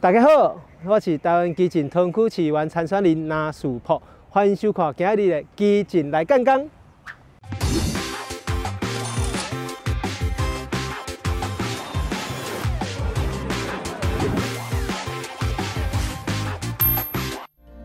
大家好，我是台灣基進桃園市議員參選人藍士博，歡迎收看今日的基進來監工。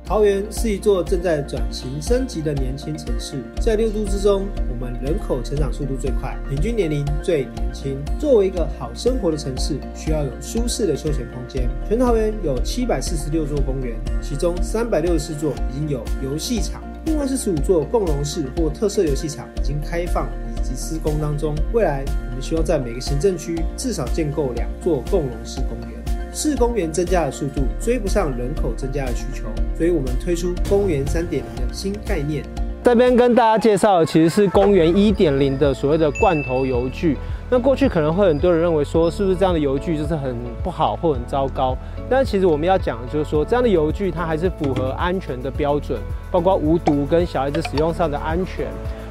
桃園是一座正在轉型升級的年輕城市，在六都之中，我們人口成長速度最快，平均年齡最年輕。作為一個好生活的城市，需要有舒適的休閒空間。全桃園有七百四十六座公園，其中三百六十四座已經有遊戲場，另外四十五座共融式或特色遊戲場已經開放以及施工當中。未來，我們需要在每個行政區至少建構兩座共融式公園。是公園增加的速度追不上人口增加的需求，所以我們推出公園三點零的新概念。這邊跟大家介紹的其實是公園一點零的所謂的罐頭遊具。那過去可能會很多人認為說，是不是這樣的遊具就是很不好或很糟糕？但其實我們要講的就是說，這樣的遊具它還是符合安全的標準，包括無毒跟小孩子使用上的安全。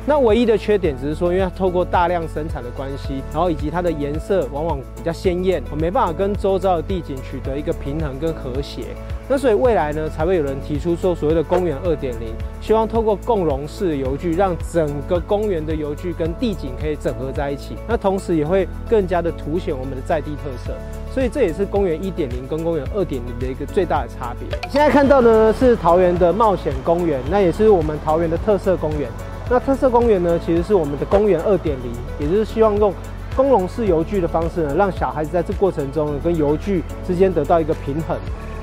那唯一的缺點只是說，因為它透過大量生產的關係，然後以及它的顏色往往比較鮮豔，我沒辦法跟周遭的地景取得一個平衡跟和諧。那所以未來呢，才會有人提出說，所謂的公園二點零，希望透過共融式的遊具，讓整個公園的遊具跟地景可以整合在一起。那同時也會更加的凸顯我們的在地特色。所以這也是公園一點零跟公園二點零的一個最大的差別。現在看到的呢，是桃園的冒險公園，那也是我們桃園的特色公園。那特色公園呢，其實是我們的公園二點零，也就是希望用共融式遊具的方式呢，讓小孩子在這過程中呢跟遊具之間得到一個平衡。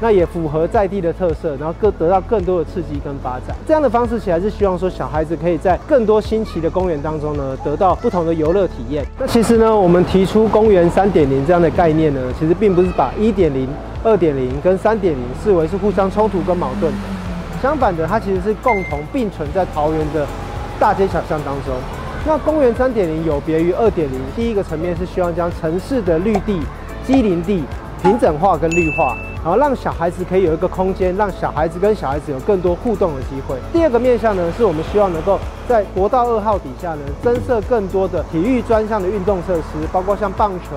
那也符合在地的特色，然後更得到更多的刺激跟發展。這樣的方式，其實是希望說小孩子可以在更多新奇的公園當中呢，得到不同的遊樂體驗。那其實呢，我們提出公園三點零這樣的概念呢，其實並不是把一點零、二點零跟三點零視為是互相衝突跟矛盾的，相反的，它其實是共同並存在桃園的。大街小巷當中，那公園三點零有別於二點零，第一個層面是希望將城市的綠地、畸零地平整化跟綠化，然後讓小孩子可以有一個空間，讓小孩子跟小孩子有更多互動的機會。第二個面向呢，是我們希望能夠在國道二號底下呢增設更多的體育專項的運動設施，包括像棒球、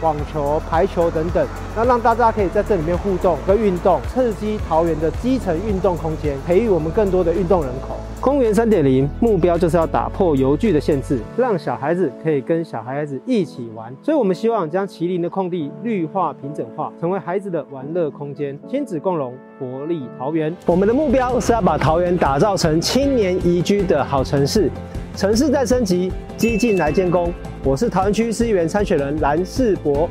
網球、排球等等，那讓大家可以在這裡面互動跟運動，刺激桃園的基層運動空間，培育我們更多的運動人口。公園三點零目標就是要打破遊具的限制，讓小孩子可以跟小孩子一起玩。所以，我們希望將麒麟的空地綠化、平整化，成為孩子的玩樂空間，親子共融，活力桃園。我們的目標是要把桃園打造成青年宜居的好城市。城市在升級，基進來建功。我是桃園區市議員參選人藍士博，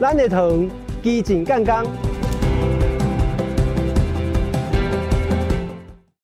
藍葉騰，基進槓槓。